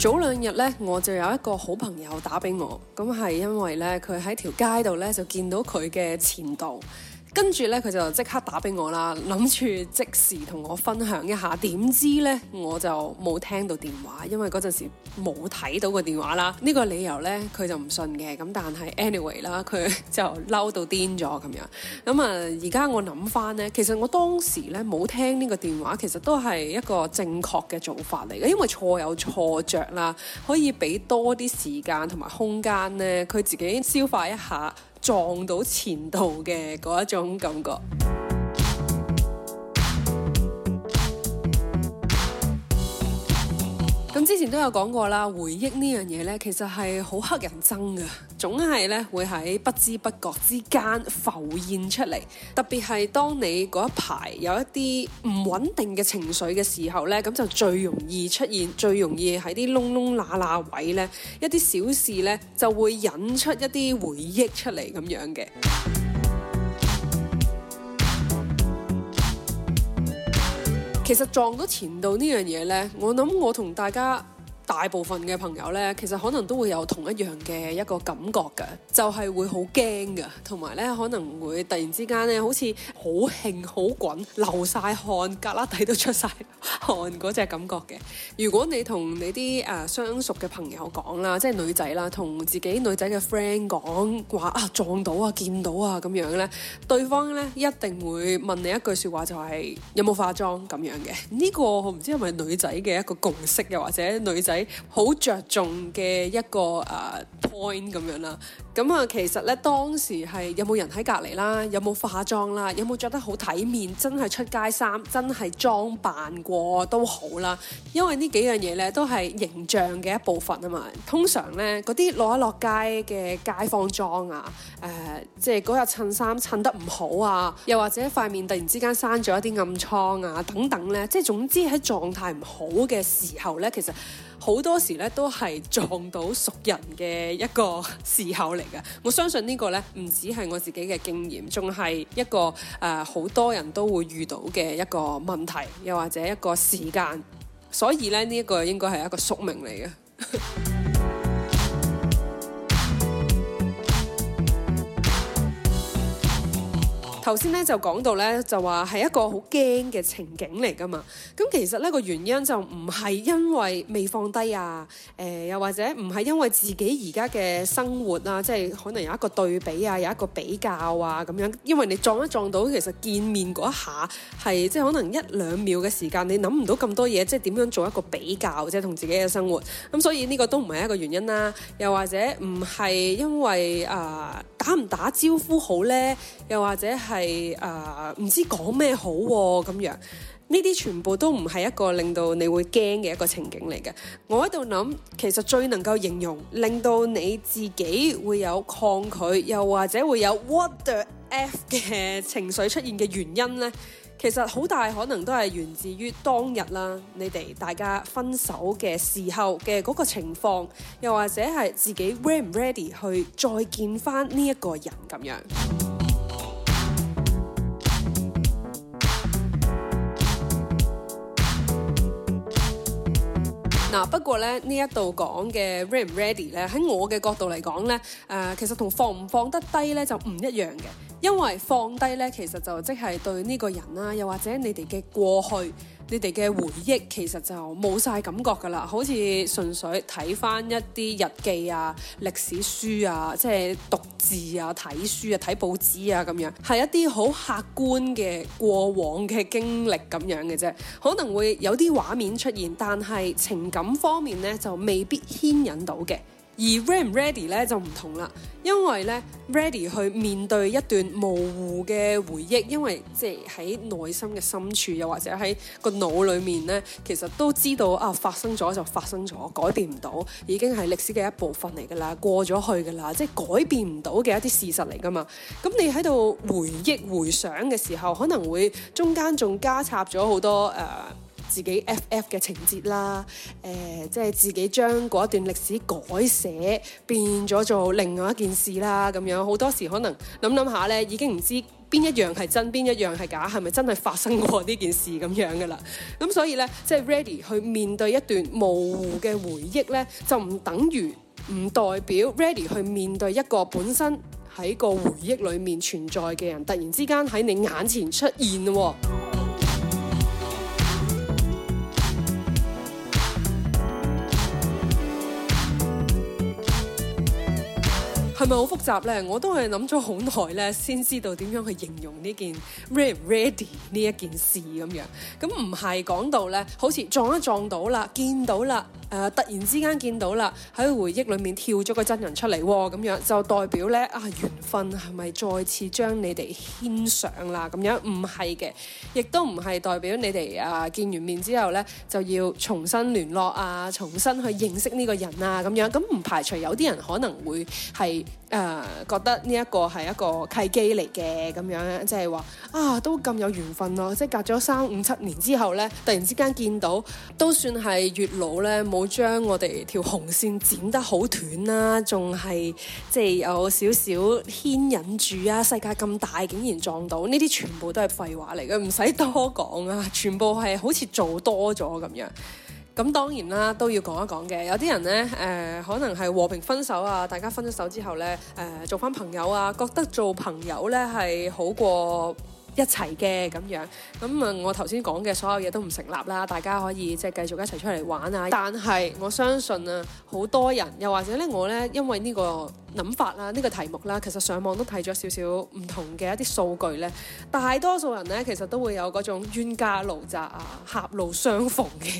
早兩日咧，我就有一個好朋友打俾我，咁係因為咧，佢喺條街度咧，就見到佢嘅前度。跟住咧，佢就即刻打俾我啦，諗住即時同我分享一下。點知咧，我就冇聽到電話，因為嗰陣時冇睇到個電話啦。呢個理由咧，佢就唔信嘅。咁但係 anyway 啦，佢就嬲到癲咗咁樣。咁啊，而家我諗翻咧，其實我當時咧冇聽呢個電話，其實都係一個正確嘅做法嚟嘅，因為錯有錯着啦，可以俾多啲時間同埋空間咧，佢自己消化一下。撞到前度嘅嗰一種感覺。咁之前都有講過啦，回憶呢樣嘢呢，其實係好乞人憎嘅，總係呢會喺不知不覺之間浮現出嚟。特別係當你嗰一排有一啲唔穩定嘅情緒嘅時候呢，咁就最容易出現，最容易喺啲窿窿罅罅位呢，一啲小事呢，就會引出一啲回憶出嚟咁樣嘅。其實撞到前度呢樣嘢咧，我諗我同大家，大部分嘅朋友咧，其實可能都會有同一樣嘅一個感覺嘅，就係、是、會好驚嘅，同埋咧可能會突然之間咧，好似好興好滾流晒汗，隔旯底都出晒汗隻隻感覺嘅。如果你同你啲誒、呃、相熟嘅朋友講啦，即係女仔啦，同自己女仔嘅 friend 講話啊撞到啊，見到啊咁樣咧，對方咧一定會問你一句說話就係、是、有冇化妝咁樣嘅。呢、這個我唔知係咪女仔嘅一個共識又或者女仔，好着重嘅一個誒 point 咁樣啦，咁、嗯、啊，其實咧，當時係有冇人喺隔籬啦，有冇化妝啦，有冇着得好體面，真係出街衫，真係裝扮過都好啦，因為呢幾樣嘢咧都係形象嘅一部分啊嘛。通常咧嗰啲落一落街嘅街坊裝啊，誒、呃，即係嗰日襯衫襯，襯得唔好啊，又或者塊面突然之間生咗一啲暗瘡啊，等等咧，即係總之喺狀態唔好嘅時候咧，其實。好多時咧都係撞到熟人嘅一個時候嚟嘅，我相信呢個咧唔止係我自己嘅經驗，仲係一個誒好多人都會遇到嘅一個問題，又或者一個時間，所以咧呢一個應該係一個宿命嚟嘅。 頭先咧就講到咧就話係一個好驚嘅情景嚟㗎嘛，咁其實呢個原因就唔係因為未放低啊，誒、呃、又或者唔係因為自己而家嘅生活啊，即係可能有一個對比啊，有一個比較啊咁樣，因為你撞一撞到其實見面嗰一下係即係可能一兩秒嘅時間，你諗唔到咁多嘢，即係點樣做一個比較，即係同自己嘅生活，咁所以呢個都唔係一個原因啦，又或者唔係因為啊。呃打唔打招呼好呢？又或者係啊，呃，唔知講咩好哦，咁樣？呢啲全部都唔係一個令到你會驚嘅一個情景嚟嘅。我喺度諗，其實最能夠形容令到你自己會有抗拒，又或者會有 what the f 嘅情緒出現嘅原因呢。其實好大可能都係源自於當日啦，你哋大家分手嘅時候嘅嗰個情況，又或者係自己 ready 唔 ready 去再見翻呢一個人咁樣。嗱，不過咧，呢一度講嘅 ready 唔 ready 咧，喺我嘅角度嚟講咧，誒、呃、其實同放唔放得低咧就唔一樣嘅。因為放低咧，其實就即係對呢個人啦，又或者你哋嘅過去、你哋嘅回憶，其實就冇晒感覺㗎啦。好似純粹睇返一啲日記啊、歷史書啊、即係讀字啊、睇書啊、睇報紙啊咁樣，係一啲好客觀嘅過往嘅經歷咁樣嘅啫，可能會有啲畫面出現，但係情感方面咧就未必牽引到嘅。而 read 唔 ready 咧就唔同啦，因為咧 ready 去面對一段模糊嘅回憶，因為即係喺內心嘅深處，又或者喺個腦裏面咧，其實都知道啊發生咗就發生咗，改變唔到，已經係歷史嘅一部分嚟㗎啦，過咗去㗎啦，即係改變唔到嘅一啲事實嚟㗎嘛。咁你喺度回憶回想嘅時候，可能會中間仲加插咗好多誒、呃自己 FF 嘅情節啦，誒、呃，即係自己將嗰一段歷史改寫，變咗做另外一件事啦，咁樣好多時可能諗諗下呢，已經唔知邊一樣係真，邊一樣係假，係咪真係發生過呢件事咁樣噶啦？咁所以呢，即係 ready 去面對一段模糊嘅回憶呢，就唔等於唔代表 ready 去面對一個本身喺個回憶裡面存在嘅人，突然之間喺你眼前出現喎。係咪好複雜呢？我都係諗咗好耐呢，先知道點樣去形容呢件 read ready 呢一件事咁樣。咁唔係講到呢，好似撞一撞到啦，見到啦。誒、呃，突然之間見到啦，喺回憶裏面跳咗個真人出嚟喎、哦，咁樣就代表呢，啊，緣分係咪再次將你哋牽上啦？咁樣唔係嘅，亦都唔係代表你哋啊見完面之後呢，就要重新聯絡啊，重新去認識呢個人啊咁樣。咁唔排除有啲人可能會係誒、呃、覺得呢一個係一個契機嚟嘅，咁樣即係話啊都咁有緣分咯，即係、啊、隔咗三五七年之後呢，突然之間見到都算係月老呢。好，將我哋條紅線剪得好短啦，仲係即係有少少牽引住啊！世界咁大，竟然撞到呢啲，全部都係廢話嚟嘅，唔使多講啊！全部係好似做多咗咁樣。咁當然啦，都要講一講嘅。有啲人呢，誒、呃，可能係和平分手啊，大家分咗手之後呢，誒、呃，做翻朋友啊，覺得做朋友呢係好過。一齊嘅咁樣，咁啊，我頭先講嘅所有嘢都唔成立啦。大家可以即係繼續一齊出嚟玩啊！但係我相信啊，好多人，又或者咧，我呢，因為呢個諗法啦，呢個題目啦，其實上網都睇咗少少唔同嘅一啲數據呢。大多數人呢，其實都會有嗰種冤家路窄啊，狹路相逢嘅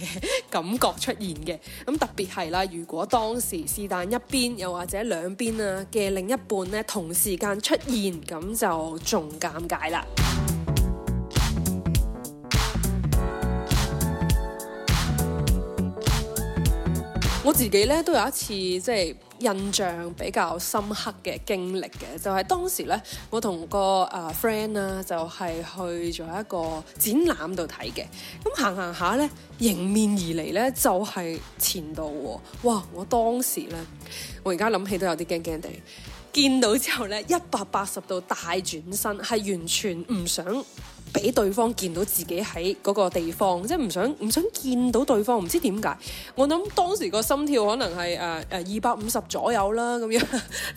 感覺出現嘅。咁特別係啦，如果當時是但一邊，又或者兩邊啊嘅另一半呢，同時間出現，咁就仲尷尬啦。我自己咧都有一次即係印象比較深刻嘅經歷嘅，就係當時咧我同個啊 friend 啊就係去咗一個展覽度睇嘅，咁行行下咧迎面而嚟咧，就係前度哦，哇！我當時咧我而家諗起都有啲驚驚地，見到之後咧一百八十度大轉身，係完全唔想。俾對方見到自己喺嗰個地方，即係唔想唔想見到對方，唔知點解，我諗當時個心跳可能係誒誒二百五十左右啦，咁樣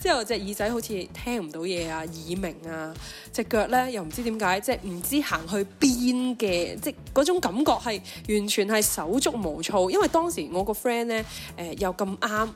之後隻耳仔好似聽唔到嘢啊，耳鳴啊，隻腳咧又唔知點解，即係唔知行去邊嘅，即係嗰種感覺係完全係手足無措，因為當時我個 friend 咧誒又咁啱。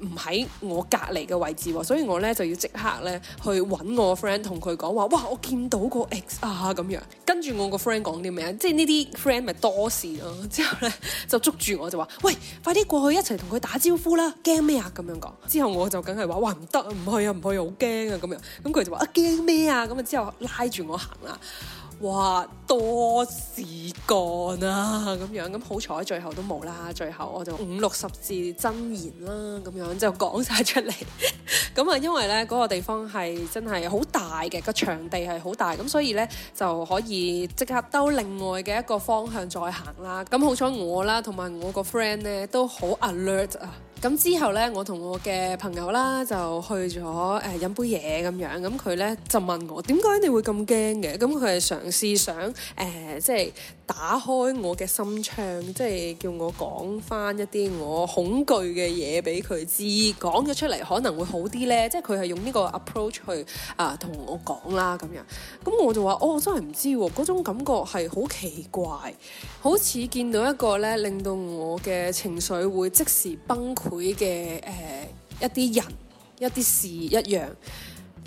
唔喺、呃、我隔離嘅位置喎，所以我咧就要即刻咧去揾我 friend 同佢講話，哇！我見到個 X 啊咁樣，跟住我個 friend 講啲咩？即係呢啲 friend 咪多事咯、啊。之後咧就捉住我就話：喂，快啲過去一齊同佢打招呼啦！驚咩啊？咁樣講。之後我就梗係話：哇，唔得啊，唔去啊，唔去，好驚啊！咁樣。咁、嗯、佢就話：啊，驚咩啊？咁啊之後拉住我行啦。哇，多事幹啊，咁樣咁好彩，最後都冇啦。最後我就五六十字真言啦，咁樣就講晒出嚟。咁啊，因為呢嗰、那個地方係真係好大嘅，個場地係好大，咁所以呢就可以即刻兜另外嘅一個方向再行啦。咁好彩我啦，同埋我個 friend 呢都好 alert 啊。咁之後咧，我同我嘅朋友啦，就去咗誒飲杯嘢咁樣。咁佢咧，就問我點解你會咁驚嘅？咁佢係嘗試想誒、呃，即係。打開我嘅心窗，即係叫我講返一啲我恐懼嘅嘢俾佢知，講咗出嚟可能會好啲呢？即係佢係用呢個 approach 去啊同、呃、我講啦咁樣。咁我就話：哦，真係唔知喎，嗰種感覺係好奇怪，好似見到一個呢令到我嘅情緒會即時崩潰嘅誒一啲人、一啲事一樣。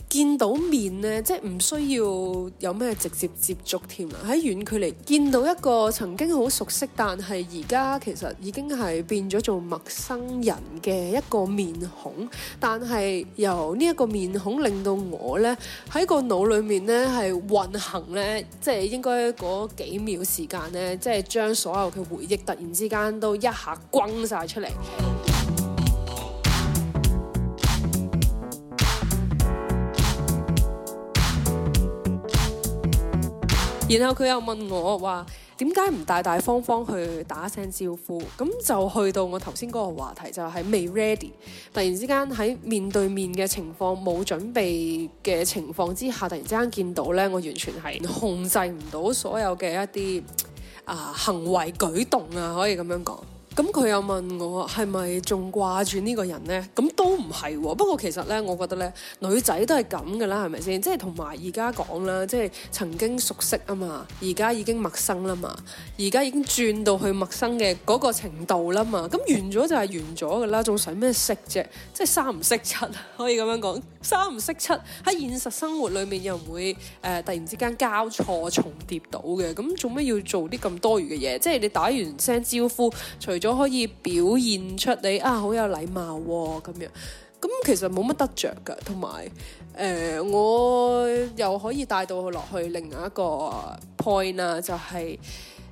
見到面咧，即係唔需要有咩直接接觸添啦。喺遠距離見到一個曾經好熟悉，但係而家其實已經係變咗做陌生人嘅一個面孔，但係由呢一個面孔令到我咧喺個腦裡面咧係運行咧，即係應該嗰幾秒時間咧，即係將所有嘅回憶突然之間都一下轟晒出嚟。然後佢又問我話點解唔大大方方去打聲招呼？咁就去到我頭先嗰個話題，就係未 ready。突然之間喺面對面嘅情況冇準備嘅情況之下，突然之間見到呢，我完全係控制唔到所有嘅一啲啊、呃、行為舉動啊，可以咁樣講。咁佢又問我係咪仲掛住呢個人咧？咁都唔係，不過其實咧，我覺得咧，女仔都係咁噶啦，係咪先？即係同埋而家講啦，即係曾經熟悉啊嘛，而家已經陌生啦嘛，而家已經轉到去陌生嘅嗰個程度啦嘛。咁完咗就係完咗噶啦，仲想咩識啫？即係三唔識七，可以咁樣講，三唔識七喺現實生活裏面又唔會誒、呃、突然之間交錯重疊到嘅。咁做咩要做啲咁多餘嘅嘢？即係你打完聲招呼，除咗我可以表現出你啊，好有禮貌咁、哦、樣，咁其實冇乜得着噶，同埋誒我又可以帶到佢落去另外一個 point 啊、就是，就係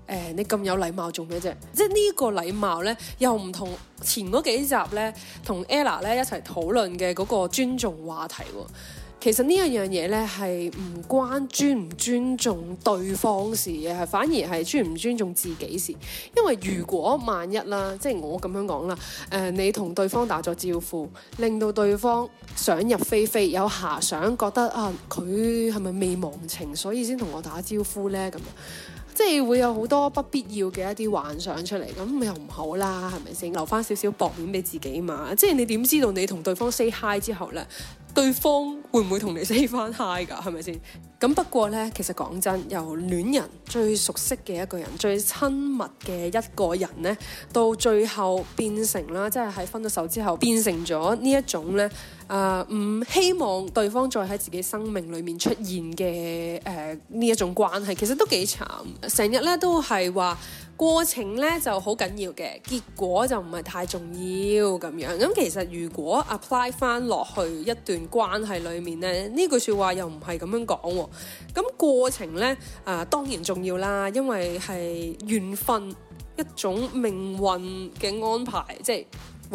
誒你咁有禮貌做咩啫？即係呢個禮貌咧，又唔同前嗰幾集咧，同 Ella 咧一齊討論嘅嗰個尊重話題、哦。其實呢一樣嘢呢，係唔關尊唔尊重對方事嘅，係反而係尊唔尊重自己事。因為如果萬一啦，即係我咁樣講啦，誒、呃，你同對方打咗招呼，令到對方想入非非，有遐想，覺得啊佢係咪未忘情，所以先同我打招呼呢。咁，即係會有好多不必要嘅一啲幻想出嚟，咁又唔好啦，係咪先？留翻少少薄面俾自己嘛，即係你點知道你同對方 say hi 之後呢？對方會唔會同你 say hi 㗎？係咪先？咁不過呢，其實講真，由戀人最熟悉嘅一個人、最親密嘅一個人呢，到最後變成啦，即係喺分咗手之後變成咗呢一種呢，啊、呃、唔希望對方再喺自己生命裏面出現嘅誒呢一種關係，其實都幾慘，成日咧都係話。過程咧就好緊要嘅，結果就唔係太重要咁樣。咁其實如果 apply 翻落去一段關係裏面咧，呢句説話又唔係咁樣講。咁過程咧啊、呃、當然重要啦，因為係緣分一種命運嘅安排，即係。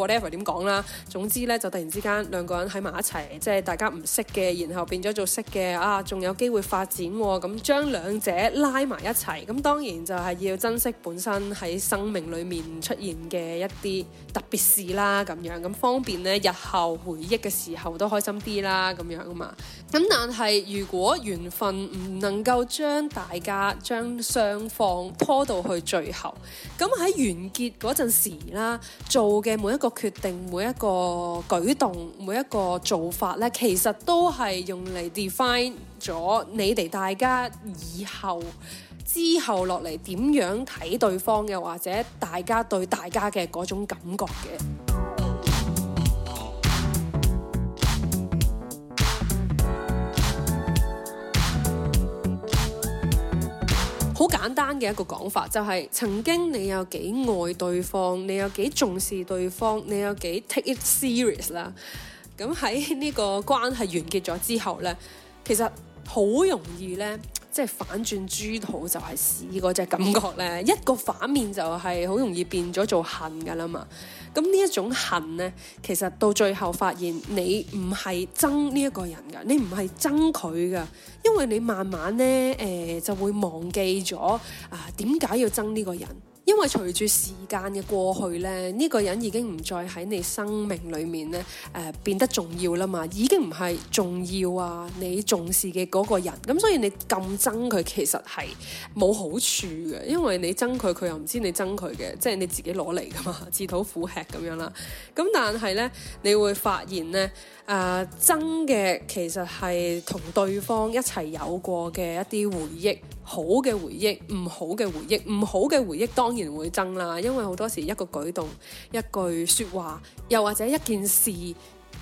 whatever 點講啦，總之咧就突然之間兩個人喺埋一齊，即係大家唔識嘅，然後變咗做識嘅，啊，仲有機會發展喎、哦，咁將兩者拉埋一齊，咁、嗯、當然就係要珍惜本身喺生命裏面出現嘅一啲特別事啦，咁樣咁、嗯、方便咧，日後回憶嘅時候都開心啲啦，咁樣啊嘛。咁、嗯、但係如果緣分唔能夠將大家將雙方拖到去最後，咁、嗯、喺完結嗰陣時啦，做嘅每一個。決定每一個舉動、每一個做法咧，其實都係用嚟 define 咗你哋大家以後、之後落嚟點樣睇對方嘅，又或者大家對大家嘅嗰種感覺嘅。簡單嘅一個講法就係曾經你有幾愛對方，你有幾重視對方，你有幾 take it serious 啦。咁喺呢個關係完結咗之後呢，其實好容易呢。即係反轉豬肚就係屎嗰隻感覺咧，一個反面就係好容易變咗做恨㗎啦嘛。咁呢一種恨咧，其實到最後發現你唔係憎呢一個人㗎，你唔係憎佢㗎，因為你慢慢咧誒、呃、就會忘記咗啊，點解要憎呢個人。因為隨住時間嘅過去咧，呢個人已經唔再喺你生命裏面咧，誒、呃、變得重要啦嘛，已經唔係重要啊，你重視嘅嗰個人，咁所以你咁憎佢其實係冇好處嘅，因為你憎佢佢又唔知你憎佢嘅，即係你自己攞嚟噶嘛，自討苦吃咁樣啦。咁但係咧，你會發現咧，誒、憎嘅其實係同對方一齊有過嘅一啲回憶。好嘅回憶，唔好嘅回憶，唔好嘅回憶當然會爭啦，因為好多時一個舉動、一句説話，又或者一件事。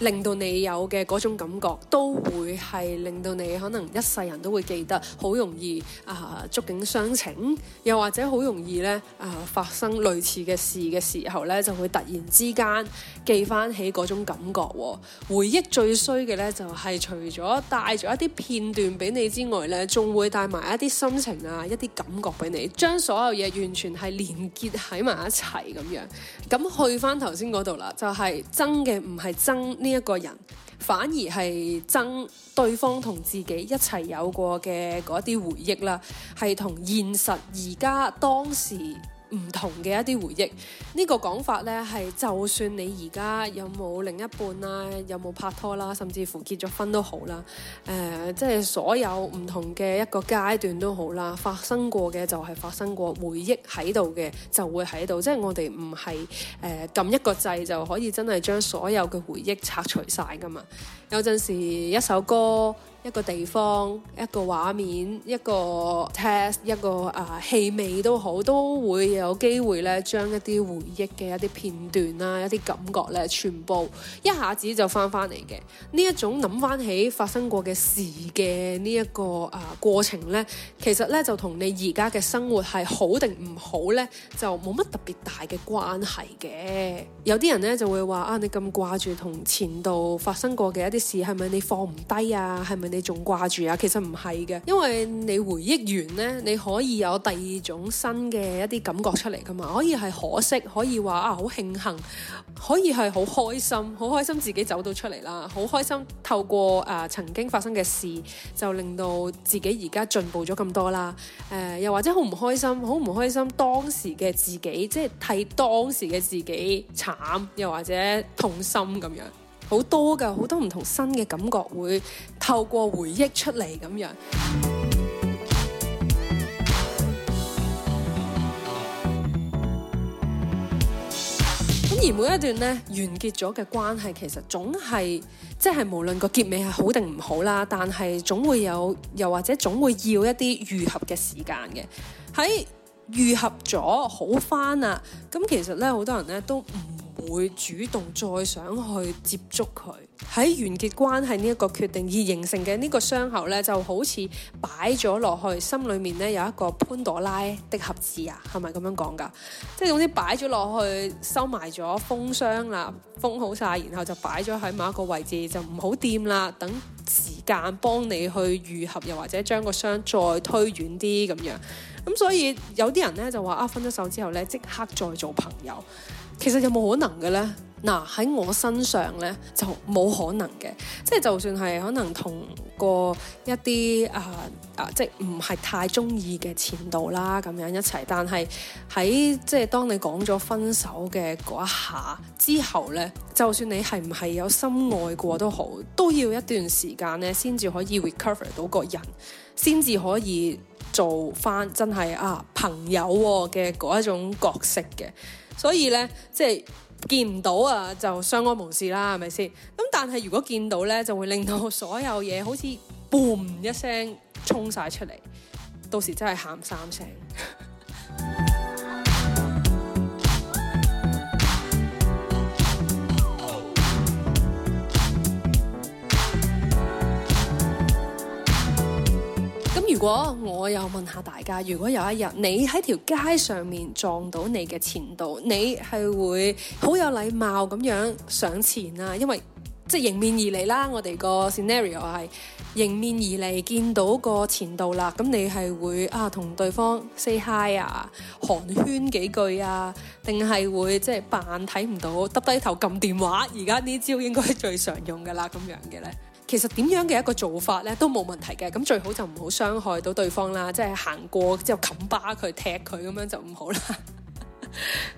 令到你有嘅嗰種感覺，都會係令到你可能一世人都會記得，好容易啊、呃、觸景傷情，又或者好容易咧啊、呃、發生類似嘅事嘅時候咧，就會突然之間記翻起嗰種感覺、哦、回憶最衰嘅咧，就係、是、除咗帶咗一啲片段俾你之外咧，仲會帶埋一啲心情啊、一啲感覺俾你，將所有嘢完全係連結喺埋一齊，咁樣。咁去翻頭先嗰度啦，就係、是、真嘅唔係真。呢一個人反而係爭對方同自己一齊有過嘅嗰啲回憶啦，係同現實而家當時。唔同嘅一啲回憶，呢個講法呢，係，就算你而家有冇另一半啦，有冇拍拖啦，甚至乎結咗婚都好啦，誒，即係所有唔同嘅一個階段都好啦，發生過嘅就係發生過，回憶喺度嘅，就會喺度。即係我哋唔係誒撳一個掣就可以真係將所有嘅回憶拆除晒㗎嘛。有陣時一首歌、一個地方、一個畫面、一個 test、一個啊氣味都好，都會有機會咧，將一啲回憶嘅一啲片段啊一啲感覺咧，全部一下子就翻翻嚟嘅。呢一種諗翻起發生過嘅事嘅呢一個啊過程咧，其實咧就同你而家嘅生活係好定唔好咧，就冇乜特別大嘅關係嘅。有啲人咧就會話啊，你咁掛住同前度發生過嘅一啲事，係咪你放唔低啊？係咪？你仲掛住啊？其實唔係嘅，因為你回憶完呢，你可以有第二種新嘅一啲感覺出嚟噶嘛，可以係可惜，可以話啊好慶幸，可以係好開心，好開心自己走到出嚟啦，好開心透過誒、呃、曾經發生嘅事，就令到自己而家進步咗咁多啦。誒、呃，又或者好唔開心，好唔開心當時嘅自己，即係替當時嘅自己慘，又或者痛心咁樣。好多㗎，好多唔同新嘅感覺會透過回憶出嚟咁樣。 而每一段呢，完結咗嘅關係，其實總係即係無論個結尾係好定唔好啦，但係總會有，又或者總會要一啲愈合嘅時間嘅。喺愈合咗好返啦，咁其實呢，好多人呢都唔會主動再想去接觸佢，喺完結關係呢一個決定而形成嘅呢個傷口呢，就好似擺咗落去心裏面呢有一個潘朵拉的盒子啊，係咪咁樣講噶？即係總之擺咗落去，收埋咗封箱啦，封好晒，然後就擺咗喺某一個位置，就唔好掂啦，等時間幫你去愈合，又或者將個傷再推遠啲咁樣。咁所以有啲人呢，就話啊，分咗手之後呢，即刻再做朋友。其實有冇可能嘅呢？嗱、啊、喺我身上呢，就冇可能嘅，即係就算係可能同過一啲啊、呃、啊，即係唔係太中意嘅前度啦，咁樣一齊，但係喺即係當你講咗分手嘅嗰一下之後呢，就算你係唔係有深愛過都好，都要一段時間呢先至可以 recover 到個人，先至可以。做翻真係啊朋友嘅嗰一種角色嘅，所以呢，即係見唔到啊就相安無事啦，係咪先？咁但係如果見到呢，就會令到所有嘢好似 boom 一聲衝晒出嚟，到時真係喊三聲。 如果我又問下大家，如果有一日你喺條街上面撞到你嘅前度，你係會好有禮貌咁樣上前啊？因為即係迎面而嚟啦，我哋個 scenario 係迎面而嚟見到個前度啦，咁你係會啊同對方 say hi 啊寒暄幾句啊，定係會即係扮睇唔到耷低頭撳電話？而家呢招應該係最常用㗎啦，咁樣嘅咧。其實點樣嘅一個做法咧都冇問題嘅，咁最好就唔好傷害到對方啦，即係行過之後冚巴佢踢佢咁樣就唔好啦。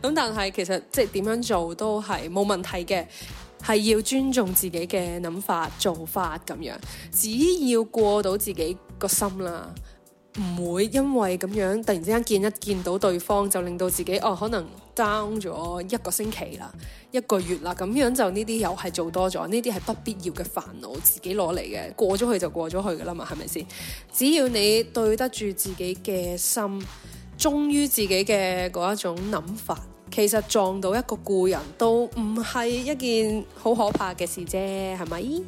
咁 但係其實即係點樣做都係冇問題嘅，係要尊重自己嘅諗法做法咁樣，只要過到自己個心啦。唔會因為咁樣突然之間見一見到對方，就令到自己哦，可能 down 咗一個星期啦，一個月啦，咁樣就呢啲又係做多咗，呢啲係不必要嘅煩惱，自己攞嚟嘅，過咗去就過咗去噶啦嘛，係咪先？只要你對得住自己嘅心，忠於自己嘅嗰一種諗法，其實撞到一個故人都唔係一件好可怕嘅事啫，係咪？